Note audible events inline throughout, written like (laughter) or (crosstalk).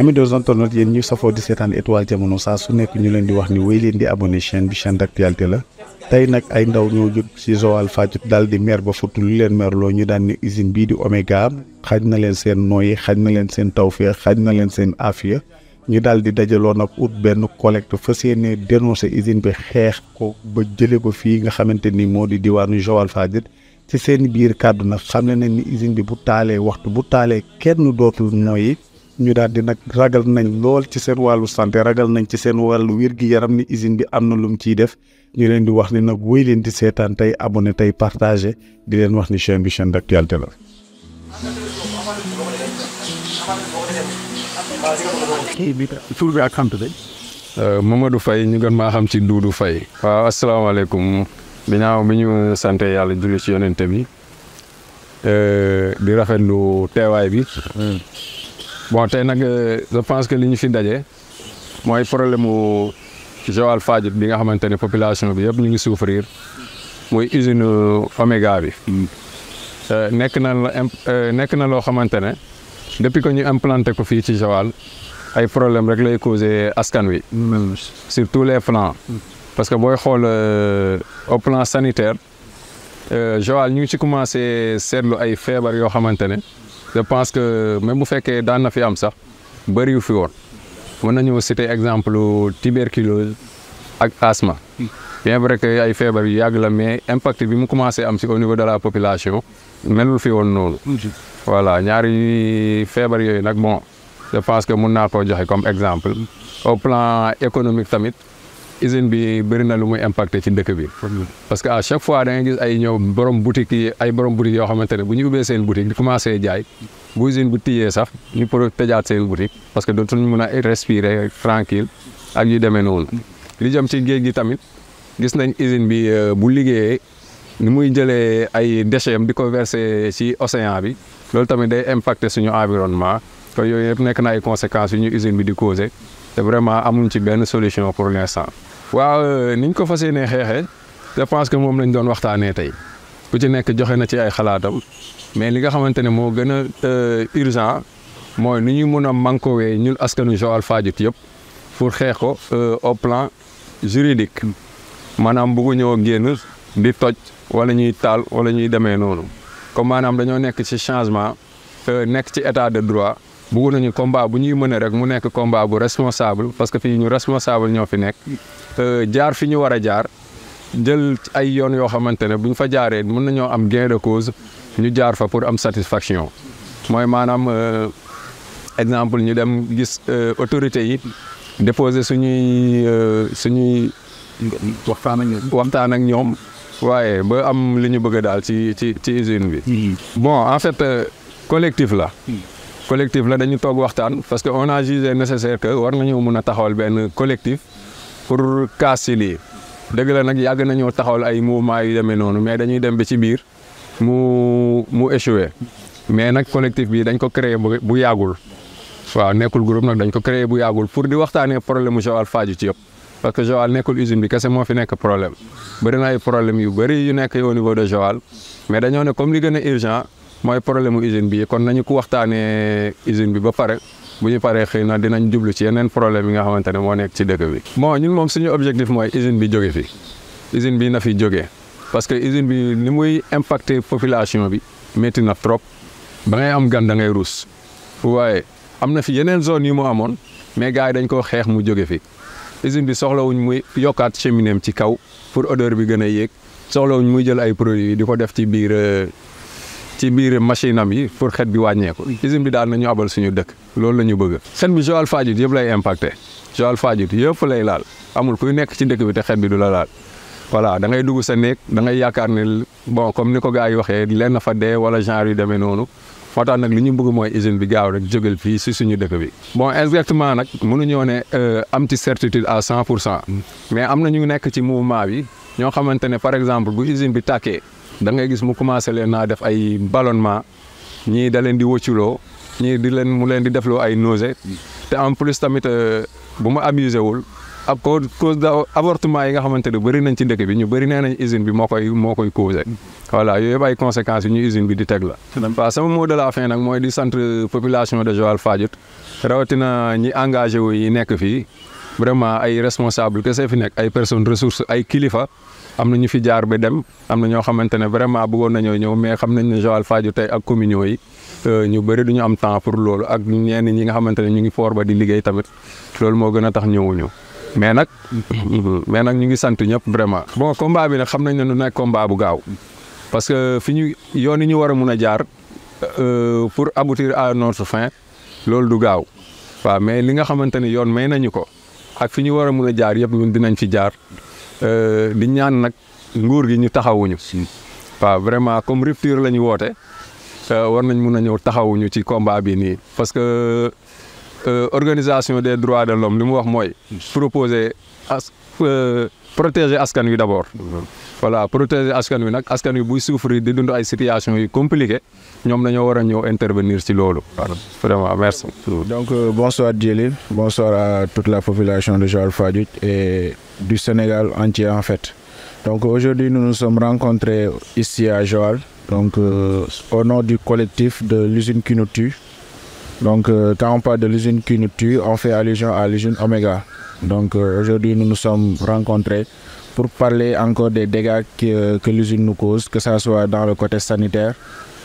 ami deux tonot yéen ñu safoo 17 ans étoile jamono sa su nekk ñu leen di wax ni way leen di abonné chaîne bi chaîne d'actualité la tay nak ay ndaw ñoo jot ci Joal Fadiouth dal di mer ba futu lu leen lo ñu daan ni usine bi di Omega xaj na leen seen noy xaj na leen seen tawfiq xaj na leen seen afia ñu dal di dajaloo nak out ben collecte fassiyene dénoncer usine bi xex ko ba jëlé ko fi nga xamante ni moo di diwaanu Joal Fadiouth ci seen biir kàddu nag xam ne ni usine bi bu talé waxtu bu talé kenn dootul nooyi ñu daal di nag ragal nañ lool ci seen wàllu santé ragal nañ ci seen wàllu wirgi yaram ni usine bi am na lum ciy def ñu leen di wax ni nag wéy leen di seetaan tey abone tey partagé di leen wax ni chaîne bi chaîne d'actualité la tur bi ak sant bi. Euh, Mamadou Faye ñu gën maa xam ci Doudou Faye. waaw asalaamaaleykum. ginnaaw bi ñu sant yàlla julli ci yonente bi. Euh, di rafet rafetlu teewaay bi. Hmm. bon te nag euh, je pense que li ñu fi daje mooy problème mu Joal Fadiouth bi nga xamante ne population bi yëpp ñu ngi souffrir muy usine Omega bi. Mm. Euh, nekk na euh, nekk na loo xamante ne depuis que ñu implanté ko fii ci Joal ay problème rek lay causé askan wi. sur tous les plans. Mm. parce que booy xool au plan sanitaire Joal ñu ngi ci commencé seetlu ay feebar yoo xamante ne. je pense que même vous faites dans na fi am sax bëri fi won mën nañu citer exemple tuberculose ak asthme bien vrai que ay feebar yu yàgg la mais impact bi mu commencé am ci au niveau de la population melul fi won non voilà ñaari feebar yoy nak bon je pense que mon na koo joxe comme exemple au plan économique tamit. usine bi bëri na lu muy impacté ci dëkk bi. parce que à chaque fois da gis ay ñëw borom boutique ay borom boutique yoo xamante ne bu ñu ubbee seen boutique di commencé jaay bu usine sax ñu pour tëjaat seen boutique parce que dootuñu mën a respirer tranquille ak yu demee noonu. li jëm ci géej gi tamit gis nañ usine bi euh, bu liggéeyee ni muy jëlee ay déchets am di ko verser océan bi loolu tamit day impacté suñu environnement. kon yooyu yëpp nekk na ay conséquences yu ñu usine bi di causé te vraiment amuñ ci benn solution pour l'instant waaw euh, ni ñu ko fas yéenee xeexee je pense que moom lañ doon waxtaanee tey ku ci nekk joxe na ci ay xalaatam mais li nga xamante ne moo gën a euh, urgent mooy ni ñu mun a mànkoowee ñun askanu Joal Fadiouth yëpp pour xeex ko euh, au plan juridique maanaam buggu ñëw génn di toj wala ñuy taal wala ñuy demee noonu comme maanaam dañoo nekk ci changement nekk ci état de droit bëggoon nañu combat bu ñuy mën a rek mu nekk combat bu responsable parce que fii ñu responsable ñoo fi nekk jaar fi ñu war a jaar jël ay yoon yoo xamante ne bu ñu fa jaaree mën nañoo am gain de cause ñu jaar fa pour am satisfaction mooy maanaam euh, exemple ñu dem gis euh, autorité yi déposer suñuy euh, suñuy. waxtaan ak ñoom waxtaan ak ñoom. waaye ba am li ñu bëgg daal ci ci ci usine bi. Mm-hmm. bon en fait collectif la. Mm-hmm. collectif la dañu toog waxtaan parce que on a jugé que war nañoo mën a taxawal benn collectif pour kaas si lii dëgg la na yàgg nañoo taxawal ay mouvement yu demee noonu mais dañuy dem ba ci biir mu mu échoué mais nag collectif bi dañ ko créé bu yàggul waaw nekkul groupe nag dañ ko créé bu yàggul pour di waxtaanee problème mu Joal Fadiouth ci yëpp parce que Joal nekkul usine bi kese moo fi nekk problème bëri na ay problème yu bëri yu nekk au niveau de Joal mais dañoo ne comme mooy problème usine bi kon nañu ko waxtaanee usine bi ba pare bu ñu paree xëy na dinañ jublu ci yeneen problème yi nga xamante ne moo nekk ci dëkk bi. bon ñun moom suñu objectif mooy usine bi jóge fi usine bi na fi jógee parce que usine bi ni muy impacter population bi métti na trop ba ngay am gan da ngay ruus waaye am na fi yeneen zone yi mu amoon mais gars yi dañ koo xeex mu jóge fi usine bi soxlawuñ muy yokkaat cheminée ci kaw pour odeur bi gën a yéeg soxlawuñ muy jël ay produits di ko def ci biir. Euh, ci biir machine am yi pour xet bi wàññeeku usine bi daal nañu abal suñu dëkk loolu la ñu bëgg xet bi Joal Fadiouth yëpp lay impacté Joal Fadiouth yëpp lay laal amul kuy nekk ci dëkk bi te xet bi du la laal da ngay dugg sa néeg da ngay yaakaar ne bon comme ni ko gars yi waxee lenn fa dee wala genre yu demee noonu moo tax nag li ñu bëgg mooy usine bi gaaw rek jógal fii si suñu dëkk bi bon exactement nag mënuñoo ne euh, am ci certitude à cent pour cent mm. mais am na ñu nekk ci mouvement bi ñoo xamante ne par exemple bu usine bi tàkkee da ngay gis mu commencé leen naa def ay ballonnement ñii da leen di wëcculoo ñii di leen mu leen di defloo ay nausée te en plus tamit euh, bu ma amusé wul ak cause d'avortement yi nga xamante ne bëri nañ ci ndëkk bi ñu bëri nee nañ usine bi moo koy moo koy causé voilà yooyu ay conséquences yu ñu usine bi di teg la waaw sama mot de la fin nag mooy di sant population de Joal Fadiouth rawatina ñi engagé wu yi nekk fii vraiment ay responsable kese fi nekk ay personnes ressources ay kilifa am na ñu fi jaar ba dem am na ñoo xamante ne vraiment bëggoon nañoo ñëw mais xam nañ ne Joal Fadiouth tey ak communion yi euh, ñu bëri du ñu am temps pour loolu ak ñenn ñi nga xamante ne ñu ngi foor ba di liggéey tamit loolu moo gën a tax ñëwuñu mais nag (coughs) mais nag ñu ngi sant ñëpp vraiment. bon combat bi nag xam nañ ne du nekk combat bu gaaw parce que fi ñu yoon yi ñu war a mun a jaar euh, pour abutir à notre fin loolu du gaaw waaw mais li nga xamante ne yoon may nañu ko ak fi ñu war a mun a jaar yëpp di nañ fi jaar. Euh, di ñaan nag nguur gi ñu taxawuñu. waaw vraiment comme rupture la ñu woote euh, war nañ mun a ñëw taxawuñu ci combat bi nii parce que euh, organisation des droits de l'homme li mu wax mooy proposer Euh, protéger askan d'abord voilà protéger askan wi nag askan wi buy souffrir situation yu compliquées ñom intervenir ci lolu vraiment merci. donc euh, bonsoir Djelil bonsoir à toute la population de joal Fadut et du Sénégal entier en fait. Donc aujourd'hui, nous nous sommes rencontrés ici à Joal, donc euh, au nom du collectif de l'usine qui nous Donc quand on parle de l'usine qui nous on fait allusion à l'usine Omega, donc euh, aujourd'hui, nous nous sommes rencontrés pour parler encore des dégâts que, l'usine nous cause, que ce soit dans le côté sanitaire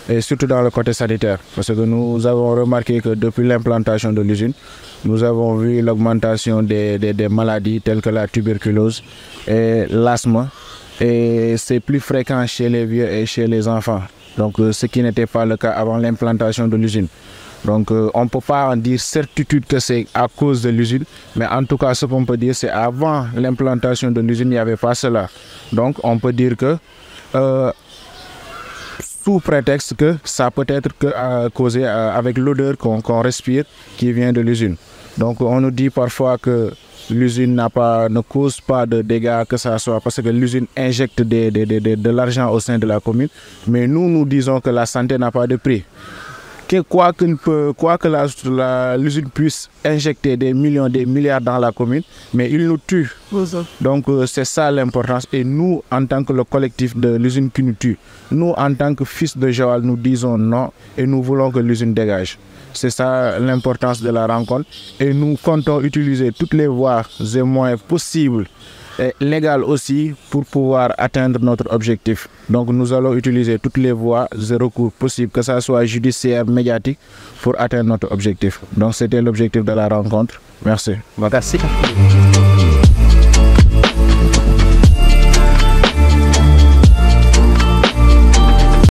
et surtout dans le côté sanitaire. Parce que nous avons remarqué que depuis l'implantation de l'usine, nous avons vu l'augmentation des, des, maladies telles que la tuberculose et l'asthme. Et c'est plus fréquent chez les vieux et chez les enfants. Donc, euh, ce qui n'était pas le cas avant l'implantation de l'usine. Donc euh, on ne peut pas en dire certitude que c'est à cause de l'usine, mais en tout cas ce qu'on peut dire c'est avant l'implantation de l'usine, il n'y avait pas cela. Donc on peut dire que euh, sous prétexte que ça peut être que, euh, causé avec l'odeur qu'on respire qui vient de l'usine. Donc on nous dit parfois que l'usine ne cause pas de dégâts que ça soit parce que l'usine injecte de l'argent au sein de la commune. Mais nous, nous disons que la santé n'a pas de prix quoi, quoi que l'usine la, lusine puisse injecter des millions, des milliards dans la commune, mais il nous tue. Donc euh, c'est ça l'importance. Et nous, en tant que le collectif de l'usine qui nous tue, nous, en tant que fils de Joël, nous disons non et nous voulons que l'usine dégage. C'est ça l'importance de la rencontre. Et nous comptons utiliser toutes les voies et moyens possibles et légal aussi pour pouvoir atteindre notre objectif. Donc nous allons utiliser toutes les voies de recours possibles, que ce soit judiciaire, médiatique, pour atteindre notre objectif. Donc c'était l'objectif de la rencontre. Merci. Merci.